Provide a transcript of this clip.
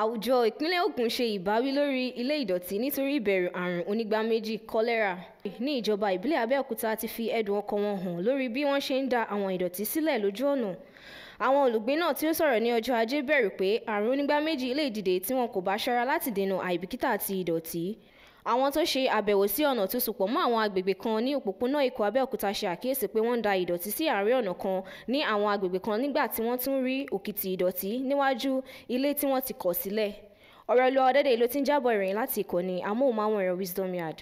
àwùjọ ìpínlẹ̀ Ògùn ṣe ìbáwí lórí ilé ìdọ̀tí nítorí ìbẹ̀rù àrùn onígbáméjì kọ́lẹ́rà ní ìjọba ìbílẹ̀ Abẹ́òkúta ti fi ẹ̀dùn ọkàn wọn hàn lórí bí wọ́n ṣe ń da àwọn ìdọ̀tí sílẹ̀ lójú ọ̀nà àwọn olùgbé náà tí ó sọ̀rọ̀ ní ọjọ́ ajé bẹ̀rù pé àrùn onígbáméjì lè dìde tí wọn kò bá ṣọ́ra láti dènà àìbìkítà àti ìdọ̀tí àwọn tó ṣe àbẹ̀wò sí ọ̀nà tó sopọ̀ mọ́ àwọn agbègbè kan ní òpópónà èkó abẹ́òkúta ṣe àkíyèsí pé wọ́n ń da ìdọ̀tí sí àárín ọ̀nà kan ní àwọn agbègbè kan nígbà tí wọ́n tún rí òkìtì ìdọ̀tí níwájú ilé tí wọ́n ti kọ̀ sílẹ̀ ọ̀rọ̀ lọ ọ̀dẹ́dẹ̀ ló ti ń jábọ̀ ìròyìn láti ìkànnì amóhùnmáwòrán Wisdom Yard